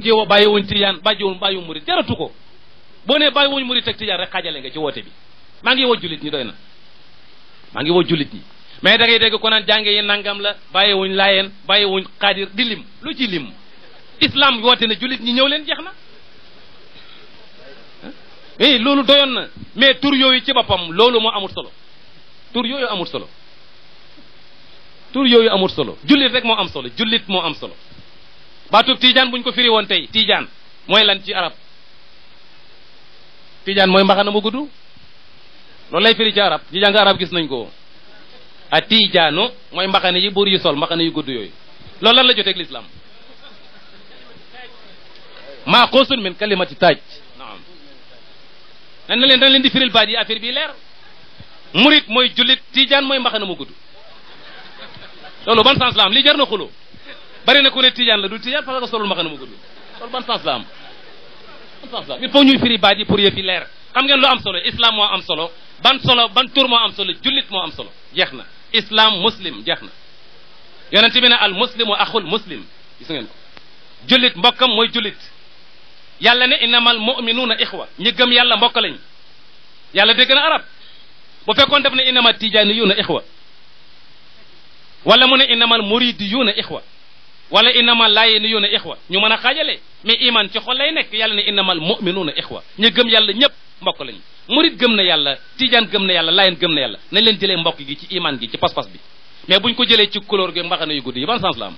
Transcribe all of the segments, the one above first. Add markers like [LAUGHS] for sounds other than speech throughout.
ci bàyyi wuñ tijaan bàyyiwuñ bàyyiwu murit jaratu ko boo nee bàyyi wuñ murit teg tijaan rek xaajale nga ci woote bi maa ngi woo jullit ñi doy na maa ngi woo jullit ñi mais da ngay dégg ko naan jànge yi nangam la bàyyiwuñ laayeen bàyyiwuñ xaadir di lim lu ci lim islam woote na jullit ñi ñëw leen jeex na eh loolu doyoon na mais tur yooyu ci boppam loolu moo amul solo tur yooyu amul solo tur yooyu amul solo jullit rek moo am solo jullit moo am solo baatub tiijaan buñ ko firi woon tey tiijaan mooy lan ci arab tiijaan mooy mbaxana mu gudd loolu lay firi ci arab ñi jàng arab gis nañ ko a tiijaanu mooy mbaxana yi buur yi sol mbaxana yu gudd yooyu loolu lan la joteeg lislaam maa xuusun min kalimati taaj naam nañ leen dañ leen di firil baat yi affaire bi leer murit mooy jullit tiijaan mooy mbaxana mu gudd loolu ban sens la am jar na xulo bari na ku ne tijaan la du tijaan parce que solul mbaxana mu gudd loolu ban sens la am ban sens ñuy firi baat yi pour yëf leer xam ngeen lu am solo islam moo am solo ban solo ban tur moo am solo jullit moo am solo jeex na islam muslim jeex na yonent bi al muslimu axul muslim gis ngeen ko jullit mbokkam mooy jullit yàlla ne innamal mu'minuuna ixwa ñi gëm yàlla mbokk lañ yàlla dégg na arab bu fekkoon def ne innama tijaani yuuna ixwa wala mu ne innamal muridi yuuna ixwa wala innama laayee ni yoon a ixwa ñu mën a xaajale mais iman ci xol lay nekk yàlla ne innamal muminuuna ixwa ñu gëm yàlla ñëpp mbokk lañu murit gëm na yàlla tijaan gëm na yàlla laayeen gëm na yàlla nañ leen jëlee mbokk gi ci iman gi ci pas-pas bi mais buñ ko jëlee ci couleur gi mbaxana yu gudd yi ban sens la am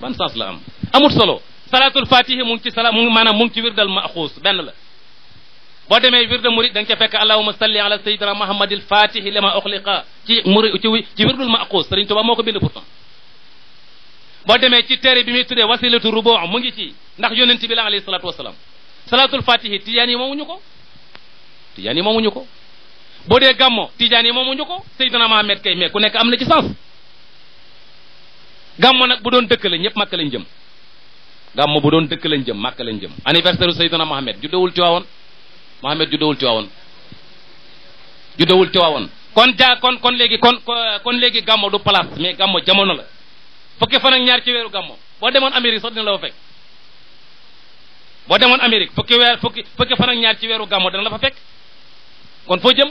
ban sens la am amul solo salaatul fatihi mu ngi maanaam mu ngi ci wirdal maxuus benn la boo demee wirda murid da ca fekk allahuma salli ala sayyidina muhammadil fatihi lima uxliqa ci muri ko bind pourtant boo demee ci téere bi muy tuddee wasilatu am mu ngi ci ndax yonent bi la alayhi salatu wasalaam salatul fatihi tijaan yi moomuñu ko tijaan yi moomuñu ko boo dee gàmmo tijaan yi moom moomuñu ko Seydina Mohamed kay mais ku nekk am na ci sens gàmmo nag bu doon dëkk la ñëpp màkk lañ jëm gàmmo bu doon dëkk lañ jëm màkk lañ jëm anniversaire u Seydina Mohamed juddawul Tiwaawoon Mohamed juddawul Tiwaawoon juddawul Tiwaawoon kon jaa kon kon léegi kon kon léegi gàmmo du place mais gàmmo jamono la fukki fan ak ñaar ci weeru gàmmo boo demoon Amérique sax dina la fa demoon Amérique fukki weer fukki fukki ñaar ci weeru gàmmo dana la fa fekk kon foo jëm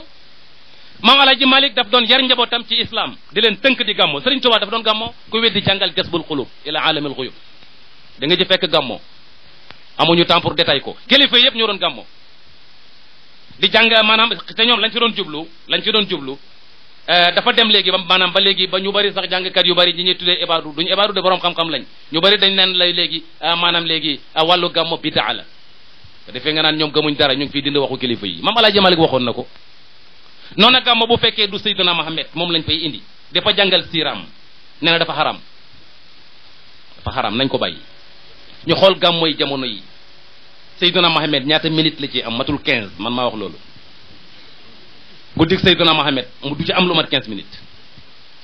maam Alaaji Malik daf doon yar njabootam ci islaam di leen tënk di gàmmo Sëriñ Tuubaa daf doon gàmmo ku weddi jàngal jasbul xulub ila alamil xuyub da danga ci fekk gàmmo amuñu tempour pour détail ko kilifa yëpp ñoo doon gàmmo di jàng maanaam te ñoom lañ ci doon jublu lañ ci doon jublu Euh, dafa dem léegi ba maanaam ba léegi ba ñu bari sax jàngkat yu bari ñi ñuy tuddee ibaadu duñu ibaadu de borom xam-xam lañ ñu bari dañ neen lay léegi euh, maanaam léegi euh, wàllu gàmmo bi la te nga naan ñoom gëmuñ dara ñu ngi fiy dind waxu kilifa yi maam Alaaji Malik waxoon na ko noona gàmmo bu fekkee du Seydina Mohamed moom lañ fay indi dafa jàngal siiraam nee na dafa xaram dafa xaram nañ ko bàyyi ñu xool gàmmo yi jamono yi Seydina Mohamed ñaata minute la ci am matul 15 man maa wax loolu ku guddik Seydina Mohamed mu du ci am lu mat 15 minutes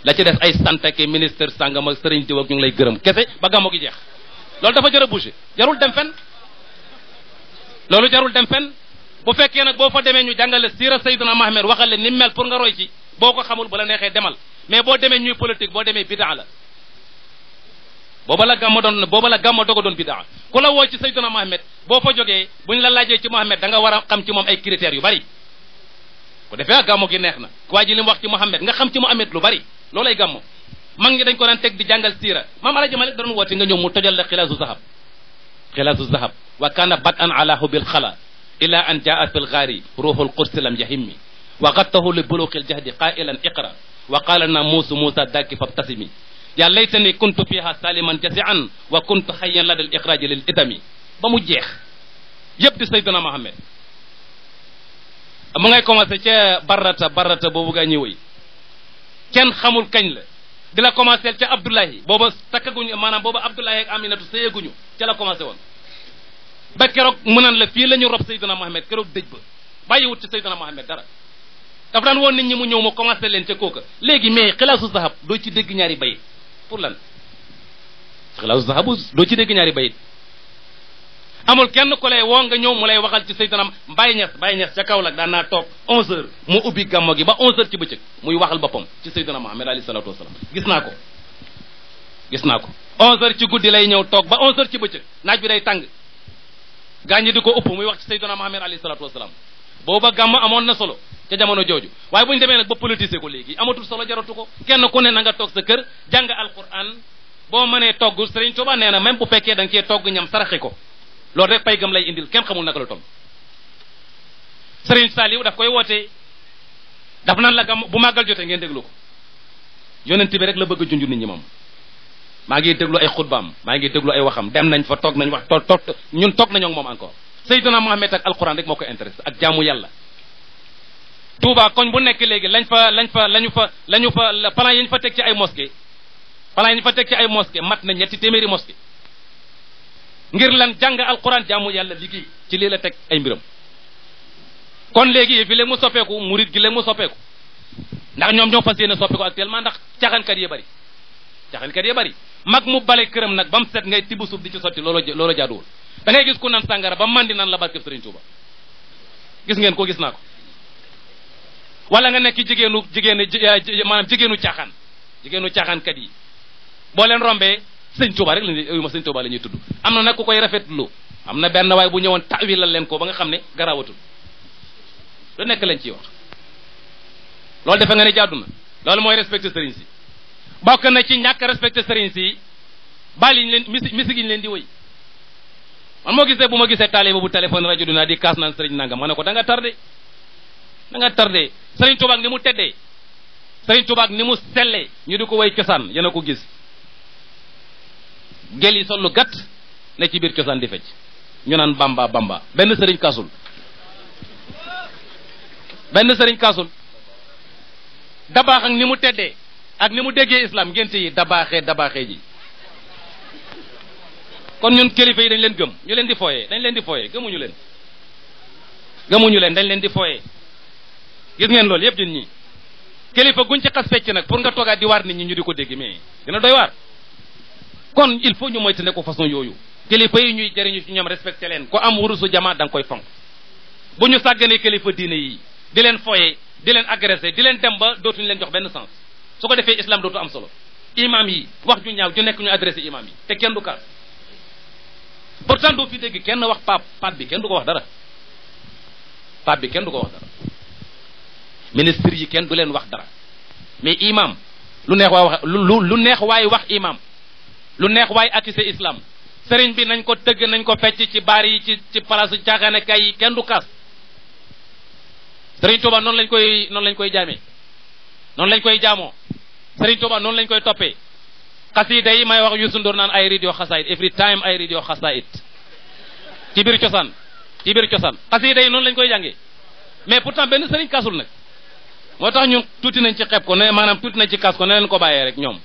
la ci def ay santa ministre sàngam ak sëriñ diw ak ñu ngi lay gërëm kese ba gàmmu gi jeex loolu dafa jar a jarul dem fenn loolu jarul dem fenn bu fekkee nag boo fa demee ñu jàngale siira Seydina Mohamed waxal leen ni mel pour nga roy ci boo ko xamul bu la neexee demal mais boo demee ñuy politique boo demee bidaa la booba la gàmma doon booba la gàmma doga doon bidaa ku la woo ci Seydina Mohamed boo fa jógee buñ la laajee ci Mohamed da nga war a xam ci moom ay critères yu bari ko defee gàmmu gi neex na waa ji li mu wax ci nga xam ci Muhammad lu bari loolay gàmmu mag ñi dañ ko daan teg di jàngal siira maam alaji malik da doon a nga ñëw mu tojal la xilaasu zahab xilaasu zahab wa kana bat an ala hubil xala ila an jaa fi lgaari ruuxul qudsi lam yahimmi wa gattahu li buluqil jahdi qailan iqra wa qaala na muusu muusa dakki fabtasimi yaa laytani kuntu fiha saliman jasian wa kuntu hayyan ladal iqraaji lil itami ba mu jeex yépp di sayduna mu ngay commencé ca barata barata boobu gaa ñëwee kenn xamul kañ la di la commencé ca Abdullahi booba takkaguñu maanaam booba Abdullahi ak Aminatu sëyeeguñu ca la commencé woon ba keroog mu naan la fii la ñu rob Seydina Mohamed keroog dëj ba bàyyiwut ci Seydina Mohamed dara dafa daan woon nit ñi mu ñëw ma commencé leen ca kooka léegi mais xilaasu zahab doo ci dégg ñaari bayit pour lan xilaasu zahab doo ci dégg ñaari bayit amul kenn ku lay woo nga ñëw mu lay waxal ci saytanam Baye Niass Baye Niass ca Kaolack daan naa toog 11h mu ubbi gàmmo gi ba 11h ci bëccëg muy waxal boppam ci saytana Muhammad alayhi salaatu wasalaam gis naa ko gis naa ko 11h ci guddi lay ñëw toog ba 11h ci bëccëg naaj bi day tàng gaañ di ko ëpp muy wax ci saytana Muhammad alayhi salaatu wasalaam booba gàmm amoon na solo ca jamono jooju waaye bu ñu demee nag ba politiser ko léegi amatul solo jaratu ko kenn ku ne na nga toog sa kër jàng alquran boo mënee togg Serigne Touba nee na même bu fekkee da nga cee togg ñam ko loolu rek paygam lay indil kenn xamul naka la toll Serigne Saliou daf koy wootee daf nan la gam bu màggal jotee ngeen déglu ko yonent bi rek la bëgg a junj nit ñi moom maa ngi déglu ay xutbaam maa ngi déglu ay waxam dem nañ fa toog nañ wax toog toog ñun toog nañoo ak moom encore Seydina Mohamed ak alquran rek moo ko intéressé ak jaamu yàlla Touba koñ bu nekk léegi lañ fa lañ fa lañu fa lañu fa plan yi ñu fa teg ci ay mosquée plan yi ñu fa teg ci ay mosquée mat na ñetti téeméeri mosquée ngir lan jàng alquran jaamu yàlla liggéey ci lii la teg ay mbiram kon léegi fi léegi mu soppeeku murit gi leen mu soppeeku ndax ñoom ñoo fas yéene soppeeku actuellement ndax caxankat yee bari caxankat yee bari mag mu bale këram nag ba mu set ngay tibb suuf di ci sotti loolo loolo jaaduwul da ngay gis ku nan sàngara ba mandi nan la barkeb Sëriñ Tuuba gis ngeen ko gis naa ko wala nga nekk jigéenu jigéen maanaam jigéenu caaxaan jigéenu caaxaankat yi boo leen rombee sëñ Touba rek lañuy ayuma sëñ Touba la ñuy tudd am na nag ku koy rafetlu am na benn waay bu ñëwoon tawilal leen ko ba nga xam ne garaawatul lu nekk lañ ci wax loolu defe nga ne jàddu na loolu mooy respecté sëriñ si bokk na ci ñàkk respecté sëriñ si bàyyi ñu leen misi misi gi leen di wëy man moo gisee bu ma gisee taaliba bu téléphone rajo dinaa di kaas naan sëriñ nanga ma ne ko danga nga tardé da nga tardé sëriñ Touba ak ni mu teddee sëriñ Touba ni mu sellee ñu di ko wëy cosaan yéen a ko gis gel yi sollu gat ne ci biir cosaan di fecc ñu naan bamba bamba benn sëriñ kasul benn sëriñ kasul dabaax ak ni mu teddee ak ni mu déggee islam ngénte yi dabaaxee dabaaxee ji kon ñun kilifa yi dañ leen gëm ñu leen di fooye dañ leen di fooyee gëmuñu leen gëmuñu leen dañ leen di fooyee gis ngeen loolu yëpp ñun ñi kilifa guñ ci xas fecc nag pour nga toogaat di waar nit ñi ñu di ko dégg mee dina doy waar kon il faut ñu moytandiku façon yooyu kilifa yi ñuy jëriñu ci ñoom respecté leen ko am wurusu jamaa da nga koy fonk bu ñu sàgganee kilifa diine yi di leen foye di leen agressé di leen dem ba dootuñu leen jox benn sens su ko defee islam dootu am solo imam yi wax ju ñaaw ju nekk ñu adressé imam yi te kenn du kaas pourtant doo fi dégg kenn wax paap paap bi kenn du ko wax dara paap bi kenn du ko wax dara ministre yi kenn du leen wax dara mais imam lu neex waay wax lu neex waay wax imam lu neex waaye attise islam seriñ bi nañ ko tëgg nañ ko fecc ci baar yi ci ci palaasu caaxaane kay yi kenn du kas sëriñ Tuuba noonu lañ koy noonu lañ koy jaamee noonu lañ koy jaamoo sëriñ Tuuba noonu lañ koy toppee xasiida yi may wax Youssou Ndour naan ay radio xasaayit every time ay radio xasaayit ci biir cosaan ci biir cosaan xasiida yi noonu lañ koy jàngee mais pourtant benn sëriñ kasul nag moo tax ñun tuuti nañ ci xeeb ko ne maanaam tuuti nañ ci kas ko ne leen ko bàyyee rek ñoom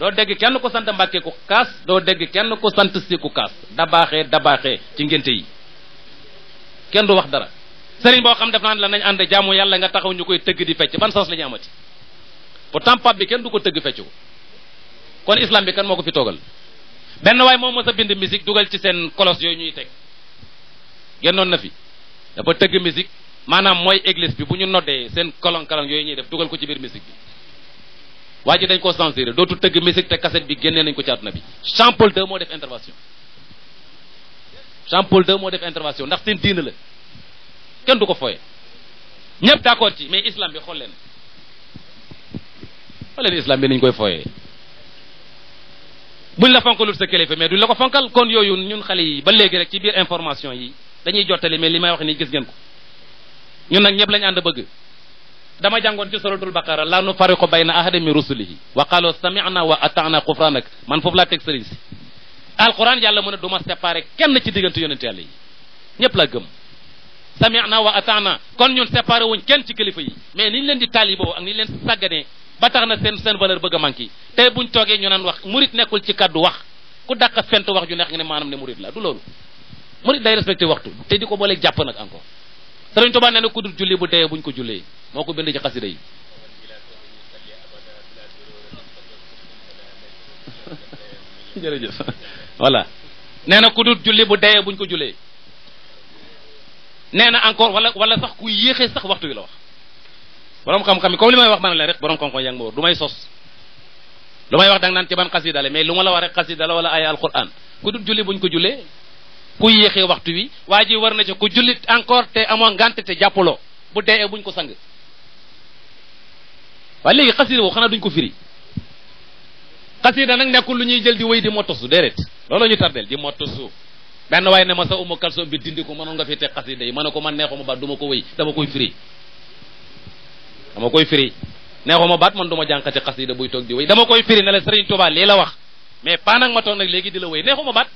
doo dégg kenn ku sant mbàkke ku kaas doo dégg kenn ku sant si ku kaas dabaaxee dabaaxee ci ngénte yi kenn du wax dara sëriñ boo xam def naan la nañ ànd jaamu yàlla nga taxaw ñu koy tëgg di fecc ban sens la ñu amati pourtant bi kenn du ko tëgg fecc kon islam bi kan moo ko fi toogal benn waay moom mos a bind musique dugal ci seen kolos yooyu ñuy teg génnoon na fi dafa tëgg musique maanaam mooy église bi bu ñu noddee seen kolon kolon yooyu ñuy def dugal ko ci biir musique waa ji dañ ko censuré dootul tëgg musique te cassette bi génnee nañ ko ci na bi Jean Paul moo def intervention Jean Paul moo def intervention ndax seen diina la kenn du ko fooye ñëpp d'accord ci mais islam bi xool leen xool leen islam bi niñ koy fooyee buñ la fonkalul sa kilifa mais duñ la ko fonkal koon yooyu ñun xale yi ba léegi rek ci biir information yi dañuy jottali mais li may wax nii gis ngeen ko ñun nag ñëpp lañ ànd bëgg dama jàngoon ci suratul baqara la nu fariqu bayna ahadin min rusulihi wa qalu sami'na wa ata'na ghufranak man foofu laa teg sëriñ si alquran yàlla mu ne du ma séparé kenn ci diggante yonent yàlla yi ñépp la gëm sami'na wa ata'na kon ñun séparé wuñ kenn ci kilifa yi mais ni leen di taaliboo ak ni leen sàgganee ba tax na seen seen valeur bëgg a manqué buñ toogee ñu naan wax murit nekkul ci kaddu wax ku dàq fent wax ju neex nga ne maanaam ne murit la du loolu murit day respecté waxtu te di ko booleeg jàpp nag encore Sëriñ Tuubaa nee na ku dul julli bu dee buñ ko julee moo ko bind ci xasida yi [LAUGHS] nee na ku dul bu dee buñ ko jullee nee na encore wala wala sax ku yéexee sax waxtu wi la wax borom xam-xam yi comme li may wax man la rek borom xam-xam yaa ngi ma wër du may sos lu may wax dang naan ci ban xasida la mais lu ma la wax rek xasida la wala ay alquran ku julli buñ ko julee ku yéexee waxtu wi waa ji war na ca ku jullit encore te amoo ngànt te jàppaloo bu dee buñ ko sang waaye léegi xasida boobu xanaa duñ ko firi xasida nag nekkul lu ñuy jël di wéy di motosu déedéet loolu ñu tardeel di motosu benn waaye ne ma sa umu kalsoom bi dindi ko mënoon nga fi te xasida yi ma ne ko man neexuma baat du ma ko wéy dama koy firi dama koy firi neexuma baat man du ma jànkati xasida buy toog di wéy dama koy firi ne la Sëriñ Tuubaa lii la wax mais pas nag ma nag léegi di la wéy neexuma baat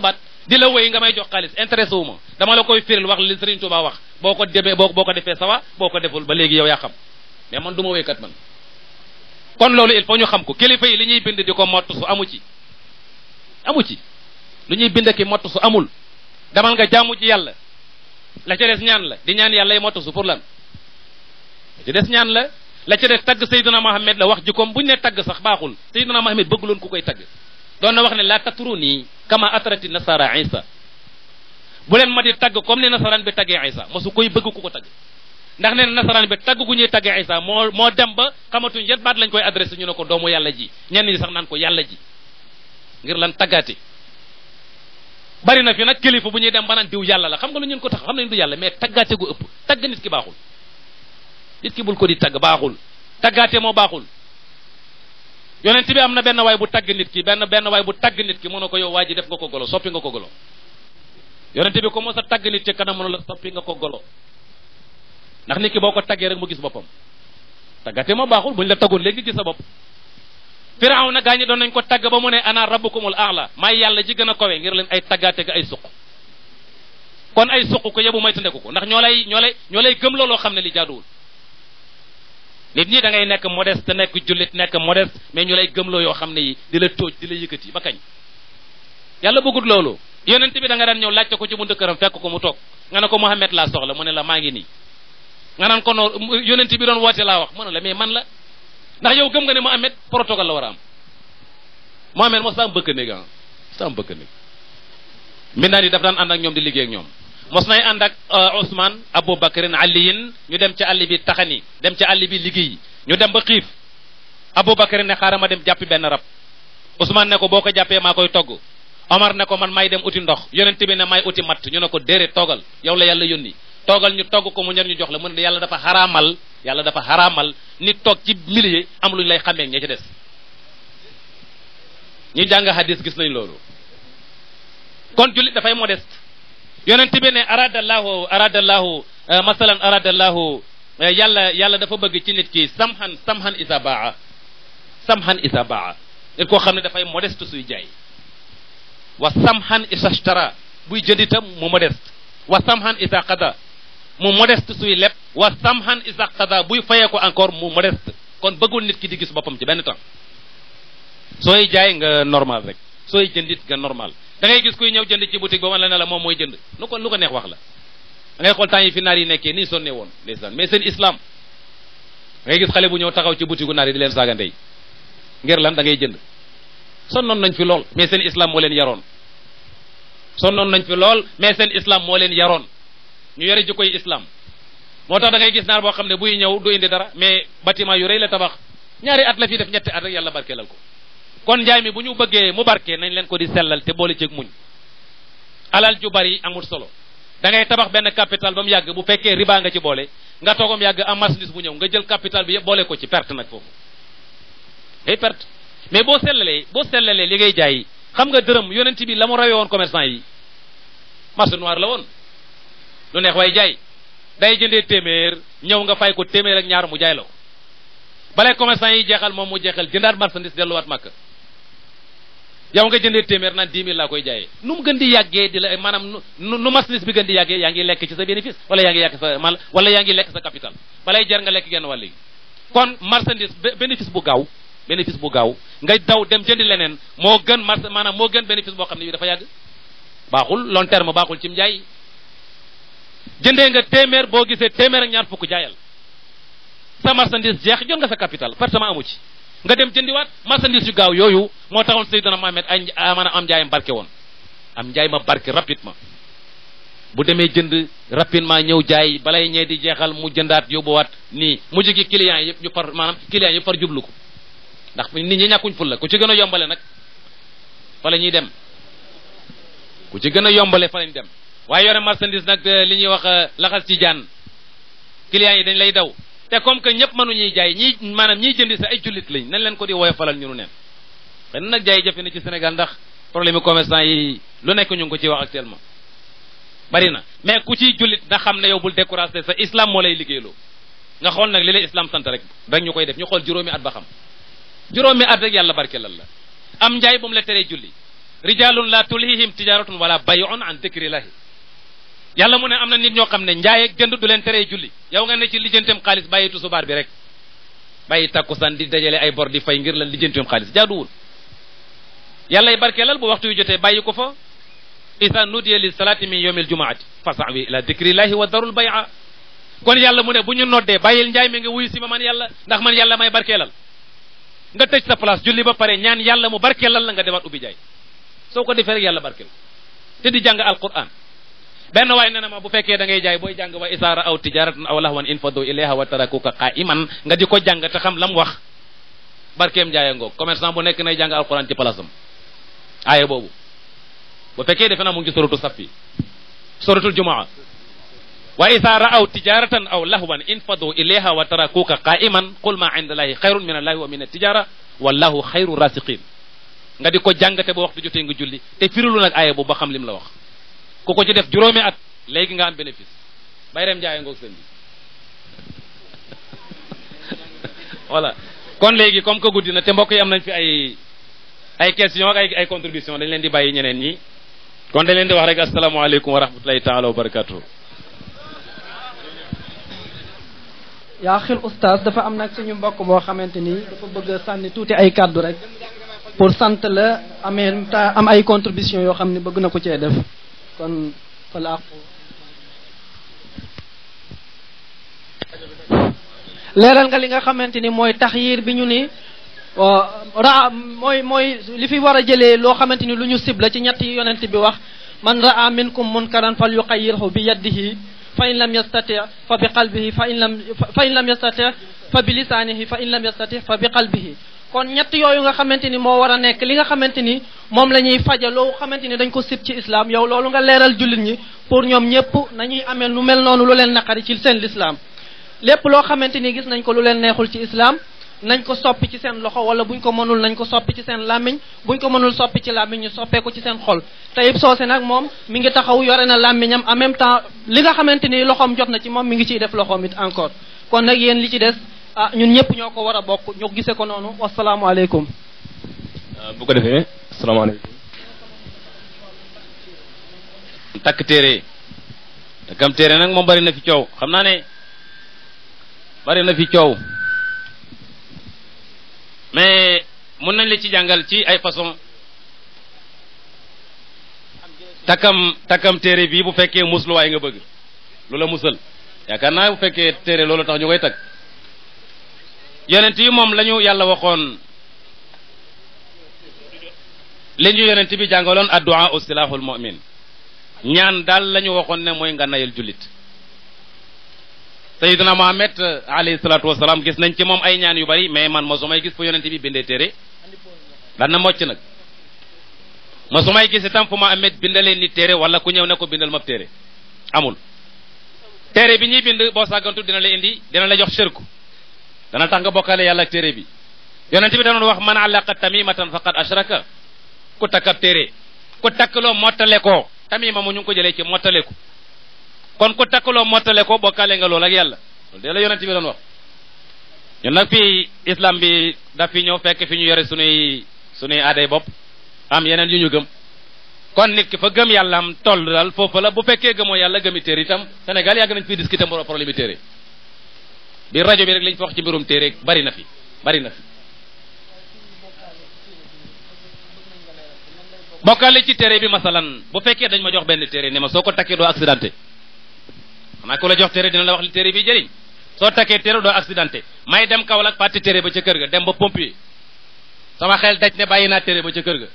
baat di la wéy nga may jox xaalis intéressé wu ma dama la koy firil wax li Serigne Touba wax boo ko demee boo boo ko defee sawa boo ko deful ba léegi yow yaa xam mais man du ma wéykat man kon loolu il faut ñu xam ko kilifa yi li ñuy bind di ko mott amu ci ci lu ñuy bind ki mott su amul damal nga jaamu ci yàlla la ca des ñaan la di ñaan yàlla yi mott su pour lan la ca des ñaan la la ca des tagg Seydina Mohamed la wax jikkoom bu ñu ne tagg sax baaxul Seydina Mohamed bëgguloon ku koy tagg doon na wax ne laa tatruni kama atrati nasara isa bu leen ma di tagg comme ni nasaraan bi taggee isa mosu koy bëgg ku ko tagg ndax nee na nasaraan bi tagg gu ñuy taggee isa moo moo dem ba xamatuñ yan baat lañ koy adressé ñu ne ko doomu yàlla ji ñenn ñi sax naan ko yàlla ji ngir lan taggaate bari na fi nag kilifa bu ñuy dem ba naan diw yàlla la xam nga lu ñun ko tax xam nañ du yàlla mais taggaate gu ëpp tagg nit ki baaxul nit ki bul ko di tagg baaxul taggaate moo baaxul yonent bi am na benn waay bu tagg nit ki benn benn waay bu tagg nit ki mu ne ko yow waa ji def nga ko golo soppi nga ko golo yonent bi ko mos a tagg nit ci kanam mu la soppi nga ko golo ndax nit ki boo ko taggee rek mu gis boppam taggate ma baaxul buñ la taggoon léegi gis sa bopp firaw na gaa ñi doon nañ ko tagg ba mu ne ana rabbukumul aala maay yàlla ji gën a kawe ngir leen ay taggaate ga ay suq kon ay suq ko yebu may tandeku ko ndax ñoo lay ñoo ñoo lay gëm looloo xam ne li jaaduwul nit ñi dangay nekk modeste nekk jullit nekk modeste mais ñu lay gëmloo yoo xam ne yi di la tóoj di la yëkkati ba kañ yàlla bëggut loolu yonent bi da nga daan ñëw laajte ko ci buntu këram fekk ko mu toog nga ne ko Mouhamed laa soxla mu ne la maa ngi nii nga naan ko noo yonent bi doon woote laa wax mu ne la mais man la ndax yow gëm nga ne Mouhamed protocole la war a am Mouhamed moo saam bëkk néeg ah saam bëkk néeg mbindaan yi daf daan ànd ak ñoom di liggéey ak mos nay ànd ak euh, Ousmane Abou Bakrin Aliyin ñu dem ci àll bi taxani dem ci àll bi liggéey ñu dem ba xiif Abou Bakrin ne xaaral ma dem jàppi benn rab Ousmane ne ko boo ko jàppee maa koy togg Omar ne ko man may dem uti ndox yonent bi ne may uti matt ñu ne ko déere toogal yow la yàlla yónni toogal ñu togg ko mu ñor ñu jox la mën ne yàlla dafa xaraamal yàlla dafa xaraamal nit toog ci milieu am lu ñu lay xamee ña ci des ñi jàng hadis gis nañ loolu kon jullit dafay modeste yonent bi ne aradallahu aradallahu eh, masalan aradallahu eh, yàlla yàlla dafa bëgg ci nit ki samhan samhan isa baa samhan isa baa nit koo xam ne dafay modeste suy jaay wa samhan isa shtara buy jënd itam mu modeste wa samhan isa qada mu modeste suy leb wa samhan isa qada buy fayee ko encore mu modeste kon bëggul nit ki di gis boppam ci benn temps sooy jaay nga normal rek sooy jëndit nga normal da ngay gis kuy ñëw jënd ci boutique ba wan la ne la moom mooy jënd lu ko lu ko neex wax la da ngay xool temps yi fi naar yi nekkee son sonne woon ndeysaan mais seen islam da ngay gis xale bu ñëw taxaw ci boutique gu naar yi di leen saaga ndey ngir lan da ngay jënd sonnoon nañ fi lool mais seen islam moo leen yaroon sonnoon nañ fi lool mais seen islam moo leen yaroon ñu yore ji koy islam moo tax da ngay gis naar boo xam ne buy ñëw du indi dara mais bâtiment yu rëy la tabax ñaari at la fi ñetti at rek yàlla barkeelal ko kon njaay mi bu ñu bëggee mu barke nañ leen ko di sellal te boole ceeg muñ alal ju bari amul solo da ngay tabax benn capital ba mu yàgg bu fekkee riba nga ci boole nga toogam yàgg am marchandise bu ñëw nga jël capital bi yëpp boole ko ci perte nag foofu day perte mais boo sellalee boo sellalee li ngay jaay xam nga dërëm yonent bi la mu rawee woon commerçant yi marché noir la woon lu neex way jaay day jëndee téeméer ñëw nga fay ko téeméer ak ñaar mu jaay la balay commerçant yi jeexal moom mu jeexal jëndaat marchandise delluwaat màkk yow nga jënde téeméer naan dix mille laa koy jaayee nu mu gën di yàggee di la maanaam nu nu marchandise bi gën di yàggee yaa ngi lekk ci sa bénéfice wala yaa ngi yàgg sa mal wala yaa ngi lekk sa capital balay jar nga lekk genn wàll gi kon marchandise bénéfice bu gaaw bénéfice bu gaaw ngay daw dem jëndi leneen moo gën marché maanaam moo gën bénéfice boo xam ne bi dafa yàgg baaxul long terme baaxul ci njaay jëndee nga téeméer boo gisee téeméer ak ñaar fukk jaayal sa marchandise jeex jot nga sa capital pertement amu ci nga dem jëndiwaat marchandise yu gaaw yooyu moo taxoon Seydina Mohamed ay ah, maanaam am njaayam barke woon am njaay ma barke rapidement bu demee jënd rapidement ñëw jaay balay ñee di jeexal mu jëndaat yóbbuwaat nii mu jógi clients yëpp ñu far maanaam clients yi far jublu ko ndax nit ñi ñàkkuñ ful la ku ci gën a yombale nag fa la ñuy dem ku ci gën a yombale fa la dem waaye yore marchandise nag euh, li ñuy wax euh, laxas ci jaan yi dañ lay daw te comme que ñëpp ñuy jaay ñi maanaam ñiy jëndi sa ay jullit lañ nañ leen ko di woyofalal ñu nu neen xëy na nag jaay jafe na ci Sénégal ndax problème yi yi lu nekk ñu ngi ko ciy wax actuellement bari na mais ku ci jullit na xam ne yow bul découragé sa islam moo lay liggéeyloo nga xool nag li lay islam sant rek rek ñu koy def ñu xool juróomi at ba xam juróomi at rek yàlla barkelal la am njaay bu mu la teree julli rijalun la tulhihim tijaratun wala bay'un an dhikrillahi yàlla mu ne am na nit ñoo xam ne njaay jënd du leen teree julli yow nga ne ci lijjanteem xaalis bàyyi tusubaar bi rek bàyyi takkusaan di dajale ay bor di fay ngir lan lijjanteem xaalis jaaduwul yàlla y barkeelal bu waxtu yu jotee bàyyi ko fa isa nudiya li salaati min yawmil jumaati fasawi ila dikrillahi wa darul bay'a kon yàlla mu ne bu ñu noddee bàyyil njaay mi nga wuyu si ma man yàlla ndax man yàlla may barkeelal nga teg sa place julli ba pare ñaan yàlla mu barkeelal la nga demaat ubbi jaay soo ko defee yàlla barkeel di jàng benn waay ne na ma bu fekkee da ngay jaay booy jàng wa isaara aw tijaratan aw lahwan infadu ilayha wa tarakuka qaiman nga di ko jàng te xam lam wax barkeem jaaya ngoog commerçant bu nekk nay jàng alquran ci palaasam aaya fekkee defe naa mu ngi ci suratul safi suratul jumaa wa isa ra'aw tijaratan aw lahwan infadu ilayha wa tarakuka qa'iman qul ma inda allahi xayrun min allahi wa min at-tijara wallahu xayru rasiqin nga di ko jàngate ba waxtu jotee nga julli te firilu nag aaya boobu ba xam lim la wax ko ko ci def juróomi at léegi nga am bénéfice Bayrem Ndiaye ngoog seen wala [LAUGHS] kon léegi comme que guddi na te mbokk yi am nañ fi ay ay question ak ay ay contribution dañ leen di bàyyi ñeneen ñi kon dañ leen di wax rek asalaamaaleykum wa rahmatulahi taala wa barakatuh yaa xel oustaz dafa am nag suñu mbokk boo xamante ni dafa bëgg sànni tuuti ay kàddu rek pour sant la amee am ay contribution yoo xam ne bëgg na ko cee def kon leeral nga li nga xamante ni mooy taxyiir bi ñu ni raa mooy li fi war a jëlee loo xamante ni lu ñu sib ci ñetti yonent bi wax man raa minkum munkaran fal yuqayyirhu bi yadihi fa in lam yastati fa bi qalbihi fa in lam fa in lam yastati fa bi lisaanihi fa in lam yastati fa bi qalbihi kon ñett yooyu nga xamante ni moo war a nekk li nga xamante ni moom la ñuy faja loo xamante ni dañ ko sib ci islaam yow loolu nga leeral jullit ñi pour ñoom ñëpp nañuy amee lu mel noonu lu leen naqari ci seen lislaam lépp loo xamante ni gis nañ ko lu leen neexul ci islaam nañ ko soppi ci seen loxo wala buñ ko mënul nañ ko soppi ci seen làmmiñ buñ ko mënul soppi ci làmmiñ ñu soppeeku ci seen xol Tayib Socé nag moom mi ngi taxaw yore na làmmiñam en même temps li nga xamante ni loxoom jot na ci moom mi ngi ciy def loxoom it encore kon nag yéen li ci des ah ñun ñëpp ñoo ko war a bokk ñoo gisee ko noonu wasalaamaaleykum. Ah, bu ko defee asalaamaaleykum. takk téere takkam nag moom bari na fi coow xam naa ne bari na fi coow mais mun nañ la ci jàngal ci ay façon takkam takkam téere bii bu fekkee musluwaay nga bëgg lu la musal yaakaar naa bu fekkee téere loolu tax ñu koy takk yonent yi moom la yàlla waxoon li ñu yonent bi jàngaloon addu'a usilahul mu'min ñaan daal la waxoon ne mooy nga nayal jullit sayidina Mohamed alayhi salaatu wasalaam gis nañ ci moom ay ñaan yu bari mais man mosumay gis fu yonent bi bindee téere daan na mocc nag mosumay gis itam fu ma amet bindalee nit téere wala ku ñëw ne ko bindal mab téere amul téere bi ñuy bind boo sàggantu dina la indi dina la jox shirku dana tax nga bokkale yàlla ak téere bi yonente bi danoon wax man alaqa tamimatan faqad ashraka ku takk ab téere ku takkaloo mottale ko tamima mu ñu ngi ko jëlee ci mottale ko kon ku takkaloo mottale ko bokkale nga loolu ak yàlla loolu de la yonente bi doon wax ñun nag fii islam bi daf fi ñëw fekk fi ñu yore sunuy sunuy aaday bopp am yeneen yu ñu gëm kon nit ki fa gëm yàlla am toll daal foofu la bu fekkee gëmoo yàlla gëmi téere itam Sénégal yàgg nañ fi discuter problème yi bi rajo bi rek lañ fi ci mbirum téere bari na fi bari na fi bokkaale ci téere bi masalan bu fekkee dañ ma jox benn téere ne ma soo ko takkee doo accidenté xanaa ku la jox téere dina la wax téere bi jëriñ soo takkee téere doo accidenté may dem Kaolack fàtte téere ba ca kër ga dem ba pompier sama xel daj ne bàyyi naa téere ba ca kër ga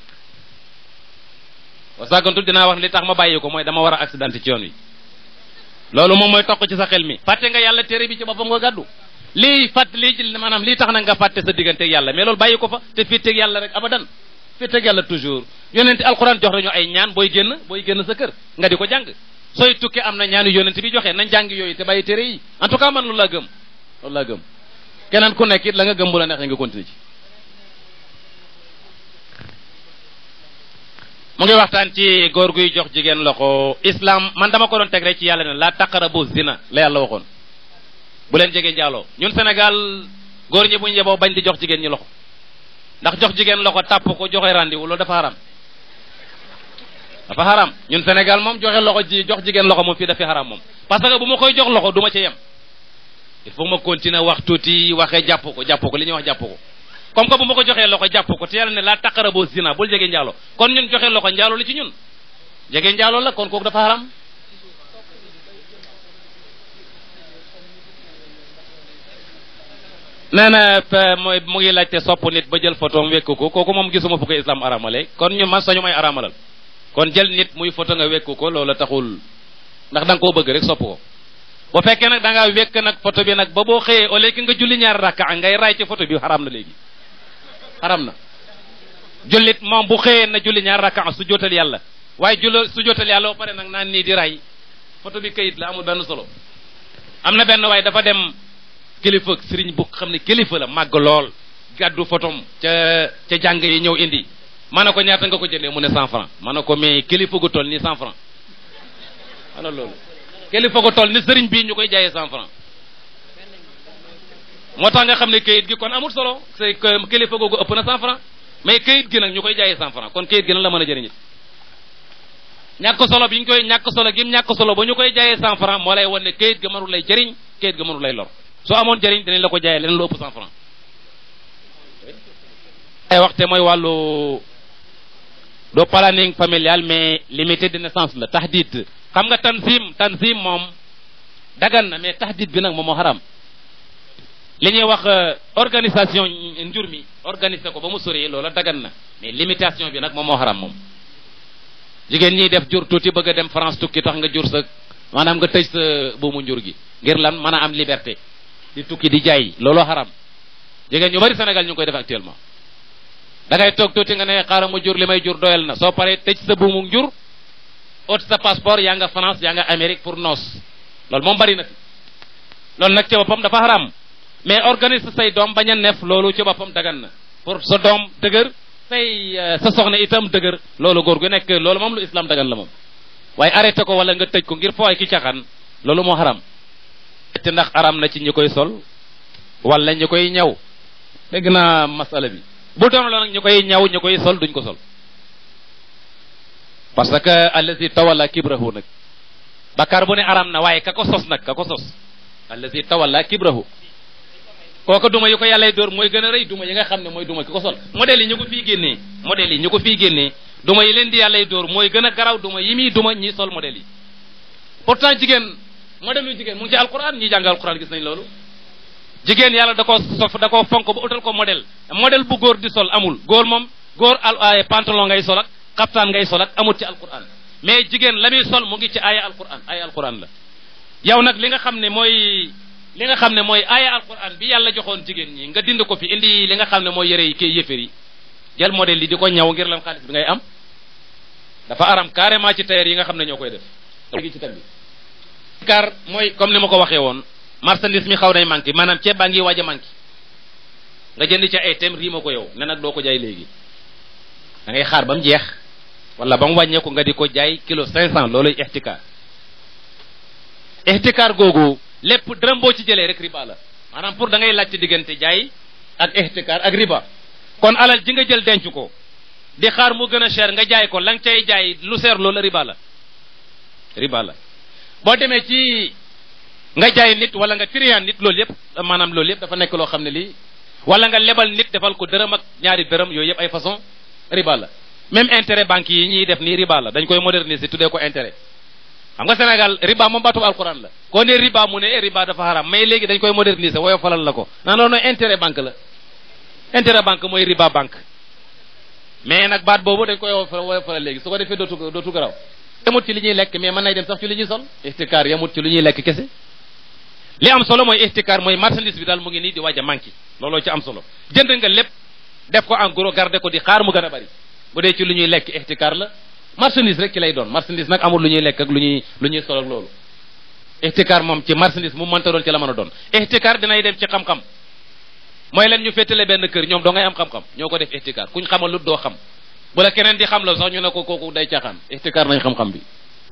wasaagantul dinaa wax ne li tax ma bàyyi ko mooy dama war a accidenté ci yoon wi loolu moom mooy toq ci sa xel mi fàtte nga yàlla téere bi ci boppam nga gàddu lii fàtt lii ci maanaam lii tax na nga fàtte sa digganteeg yàlla mais loolu bàyyi ko fa te féeteeg yàlla rek abadan féeteeg yàlla toujours yonente alquran jox nañu ay ñaan booy génn booy génn sa kër nga di ko jàng sooy tukkee am na ñaanu yonente bi joxe nañ jàng yooyu te bàyyi téere yi en tout cas man loolu laa gëm loolu laa gëm keneen ku nekk it la nga gëm bu la neex nga continuer mu ngi waxtaan ci góor guy jox jigéen loxo islam man dama ko doon teg rek ci yàlla ne la taqrabu zina la yàlla waxoon bu leen jege njaaloo ñun Sénégal góor ñi bu ñu bañ di jox jigéen ñi loxo ndax jox jigéen loxo tàpp ko joxe rendez-vous loolu dafa haram dafa haram ñun Sénégal moom joxe loxo ji jox jigéen loxo moom fii dafa haram moom parce que bu ma koy jox loxo duma ma ca yem il faut ma continuer wax tuuti waxee jàpp ko jàpp ko li ñuy wax jàpp ko comme que bu ma ko joxee loxo jàpp ko te yàlla ne laa taqaraboo zina bul jege njaalo kon ñun joxe loxo njaalo la ci ñun jege njaalo la kon kooku dafa haram na mooy mu ngi laajte sopp nit ba jël photo am wekk ko kooku moom gisuma fu ko islam aramale kon ñu man sañu may aramalal kon jël nit muy photo nga wekk ko loola taxul ndax da ko bëgg rek sopp ko bu fekkee nag da ngaa wekk nag photo bi nag ba boo xëyee au lieu que nga julli ñaar rakka ngay raay bi xaraam na léegi xaram na jullit moom bu xëyee na julli ñaar rakka su jootal yàlla waaye julli su jootal yàlla ba pare nag naan nii di ray foto bi kayit la amul benn solo am na benn waaye dafa dem kilifa sëriñ bu xam ne kilifa la màgg lool gàddu fotom ca ca jàng yi ñëw indi ma ne ko ñaata nga ko jëndee mu ne cent franc ma ne ko mais kilifa gu toll nii cent franc alors loolu kilifa gu toll ni sëriñ bii ñu koy jaayee cent franc moo tax nga xam ne kayit gi kon amul solo c'est que kilifa googu ëpp na 100 francs mais kayit gi nag ñu koy jaaye 100 francs kon kayit gi nag la mën a jëriñit ñàkk solo bi ñu koy ñàkk solo gi ñàkk solo ba ñu koy jaayee 100 francs moo lay wan ne kayit ga mënul jariñ jëriñ kayit ga mënul lay lor soo amoon jëriñ dinañ la ko jaayee leneen lu ëpp 100 francs ay waxte mooy wàllu do planning familial mais limité de naissance la tahdid xam nga tanzim tanzim moom dagan na mais tahdid bi nag moom li ñuy wax euh, organisation njur mi organiser ko ba mu sori loola dagan na mais limitation bi nag moom moo xaram moom jigéen ñiy def jur tuuti bëgg a dem France tukki tax nga jur sa maanaam nga tëj sa buumu njur gi ngir lan mën a am liberté di tukki di jaay looloo xaram jigéen ñu bari Sénégal ñu ngi koy def actuellement da ngay toog tuuti nga ne xaaral ma jur li may jur doyal na soo paree tëj sa buumu njur ot sa passeport yaa nga France yaa nga Amérique pour noos na mais organise say doom bañ a neef loolu ci boppam dagan na pour sa doom dëgër say euh, sa soxna itam dëgër loolu góor gu nekk loolu moom lu islam dagan la moom waaye arrêté ko wala nga tëj ko ngir fooy ki caxan loolu moo xaram ndax aram na ci ñi koy sol wala ñi koy ñaw dégg naa masala bi bu doon la nag ñu koy ñaw ñu sol duñ ko sol parce que allazi tawalla kibrahu nag bakkaar bu ne aram na waaye ka ko sos nag ka ko sos allazi tawalla kibrahu kooka duma yi ko yàllay dóor mooy gën a rëy duma yi nga xam ne mooy duma ki ko sol modèle yi ñu ko fii génnee modèle yi ñu ko fii génnee duma yi leen di yàllay dóor mooy gën a garaw duma yi muy duma ñi sol modèle yi pourtant jigéen modèle jigéen mu ngi ci alquran ñi jàng alquran gis nañ loolu jigéen yàlla da ko sof da ko fonk ba utal ko modèle modèle bu góor di sol amul góor moom góor al pantalon ngay sol ak xaftaan ngay sol ak amul ci alquran mais jigéen la muy sol mu ngi ci aaya alquran aaya alquran la li nga xam ne mooy aaya alquran bi yàlla joxoon jigéen ñi nga dind ko fi indi li nga xam ne mooy yëre yi kay yëfër yi jël modèle yi di ko ñaw ngir lan xaalis bi ngay am dafa aram carrément ci tailleur yi nga xam ne ñoo koy def léegi ci tamit car mooy comme ni ma ko waxee woon marchandise mi xaw nay manqué maanaam ceeb baa ngi waaj a nga jënd ca ay thème riima ko yow ne doo ko jaay léegi da ngay xaar ba mu jeex wala ba wàññeeku nga di ko jaay kilo 500 looluy ixtikaar ixtikaar googu lépp dërëm boo ci jëlee rek riba la maanaam pour da ngay laaj ci diggante jaay ak ihtikar ak riba kon alal ji nga jël denc ko di xaar mu gën a cher nga jaay ko la nga cay jaay lu seer loolu riba la riba la boo demee ci nga jaay nit wala nga triyaan nit loolu yëpp maanaam loolu yëpp dafa nekk loo xam ne lii wala nga lebal nit defal ko dërëm ak ñaari dërëm yooyu yëpp ay façon riba la même intérêt banque yi ñuy def nii riba la dañ koy moderniser tudee ko intérêt xam nga Sénégal riba moom baatub alquran la koo ne riba mu ne eh, riba dafa xaram mais léegi dañ koy moderniser woyo falal la ko naan loolu noonu intérêt banque la intérêt banque mooy riba banque mais nag baat boobu dañ koy woyo falal léegi su ko defee dootu dootu garaw yamut ci li ñuy lekk mais mën nay dem sax ci li ñuy sol ihtikaar yamut ci lu ñuy lekk kese li am solo mooy ihtikaar mooy marchandise bi daal mu ngi nii di waaj a manqué looloo ci am solo jënd nga lépp def ko en gros ko di xaar mu gën ci lu ñuy lekk ihtikaar la marchandise rek ci lay doon marchandise nag amul lu ñuy lekk ak lu ñuy lu ñuy sol ak loolu ixtikaar moom ci marchandise mu mënta doon ci la mën a doon ixtikaar dinay dem ci xam-xam mooy leen ñu féetale benn kër ñoom doo ngay am xam-xam ñoo ko def ixtikaar kuñ xamalut doo xam bu la keneen di xam la sax ñu ne ko kooku day caaxaan ixtikaar nañ xam-xam bi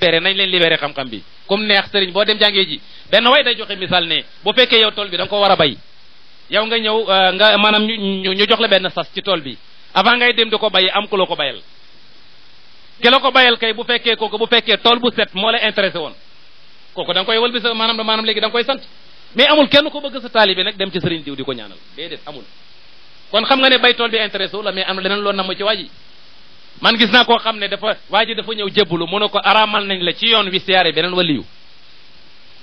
libéré nañ leen libéré xam-xam bi comme neex sëriñ boo dem jàngee ji benn way day joxe misaal ne bu fekkee yow tool bi da nga a bay yow nga ñëw euh, nga maanaam ñu jox la benn sas ci tool bi avant ngay dem di ko bay am ku la ko bayal ki la ko bayal kay bu fekkee kooku bu fekkee tool bu set moo la intéressé woon kooku da koy wëlbi sa maanaam da léegi da koy sant mais amul kenn ko bëgg sa taalibe nag dem ci sëriñ diw di ko ñaanal déedéet amul kon xam nga ne bay tool bi intéressé wu la mais am leneen loo nam ci waa ji man gis naa koo xam ne dafa waa ji dafa ñëw jébbalu mu ne ko araamal nañ la ci yoon wi siyaare beneen waliyu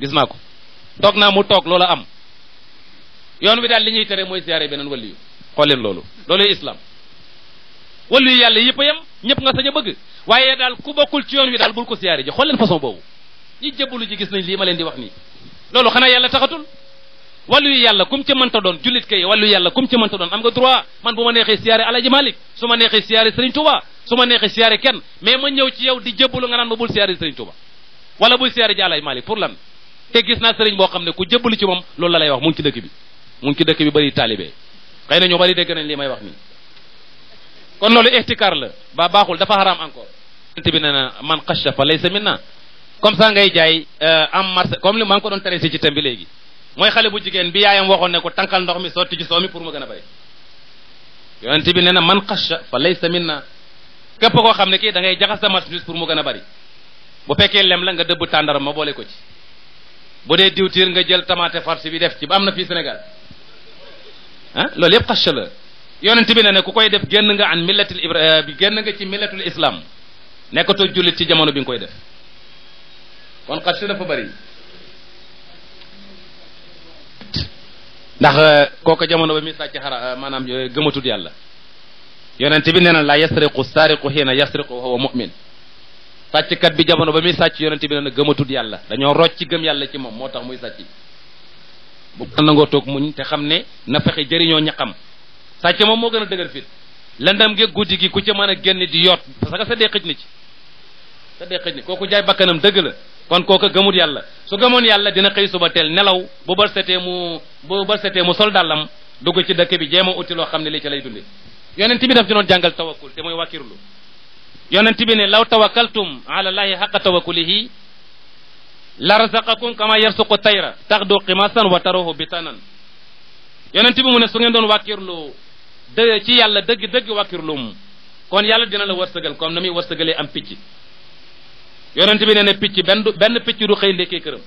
gis naa ko toog naa mu toog loola am yoon wi daal li ñuy tere mooy siyaare beneen waliyu xool leen loolu loolu islam waliyu yàlla ñëpp nga sañ bëgg waaye daal ku bokkul ci yoon wi daal bul ko siyaare ji xool leen façon boobu ñi jëbbalu ji gis nañ lii ma leen di wax nii loolu xanaa yàlla taxatul wàllu yu yàlla kum ca mënta doon jullit kay wàllu yàlla kum ca mënta doon am nga droit man bu ma neexee siyaare alaji malik su ma neexee siyaare sëriñ tuba su ma neexee siyaare kenn mais ma ñëw ci yow di jëbbalu nga naan ma bul siyaare sëriñ tuba wala bul siyaare ji alaji malik lan te gis naa sëriñ boo xam ne ku jëbbalu ci moom loolu la lay wax mu ngi ci dëkk bi mu ngi ci dëkk na ñu bëri dégg li may wax nii kon loolu ihtikar la ba baaxul dafa xaraam encore yonent bi nee na man xasha fa laysa minna comme ça ngay jaay euh, am marché comme li maa ngi ko doon traité ci thème bi léegi mooy xale bu jigéen bi yaayam waxoon ne ko tànkal ndox mi sotti ci soow mi pour mu gën a bay bi nee na man xasha fa laysa képp koo xam ne kii da ngay jaxas sa marchandise pour mu gën a bari bu fekkee lem la nga dëbb tàndara ma boole ko ci boo dee diwtiir nga jël tamaate farce bi def ci ba am na fii Sénégal ah, loolu yëpp xasha la yonent bi na ne ku koy def génn nga an millatil ibra eh, génn nga ci millatul islam nekkatoo jullit ci jamono bi nga koy def kon xat si dafa bari ndax eh, kooku jamono ba muy sàcc xara eh, maanaam gëmatut yàlla yonent bi nee na la yasriqu saariqu xiina yasriqu wa huwa mu'min sàcckat bi jamono ba muy sàcc yonent bi nee na gëmatut yàlla dañoo rocc ci gëm yàlla ci moom moo tax muy sàcc bu nangoo toog muñ te xam ne na fexe jariñoo ñaqam sàcc moom moo gën a dëgër fit lëndam gi guddi gi ku ca mën a génn di yot parce sa dee xëj na ci sa dee xëj na kooku jaay bakkanam dëgg la kon kooku gëmut yàlla su gëmoon yàlla dina xëy suba teel nelaw bu bër setee mu bu bër setee mu dugg ci dëkk bi jéem a uti loo xam ne li ci lay dundee yonent bi daf ñu doon jàngal tawakkul te mooy wàkkirlu yonent bi ne law tawakkaltum ala llahi xaqa tawakkulihi la razaqakum kama yarsuqu tayra taxdu qimasan ko taruhu bitanan yonent bi mu dë ci yàlla dëgg dëgg wàkkirlu mu kon yàlla dina la wërsëgal comme na muy wërsëgalee am picc yonent bi nee na picc benn benn picc du xëy ndekkee këram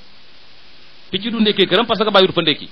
picc du ndekkee këram parce que bàyyiwul fa ndekki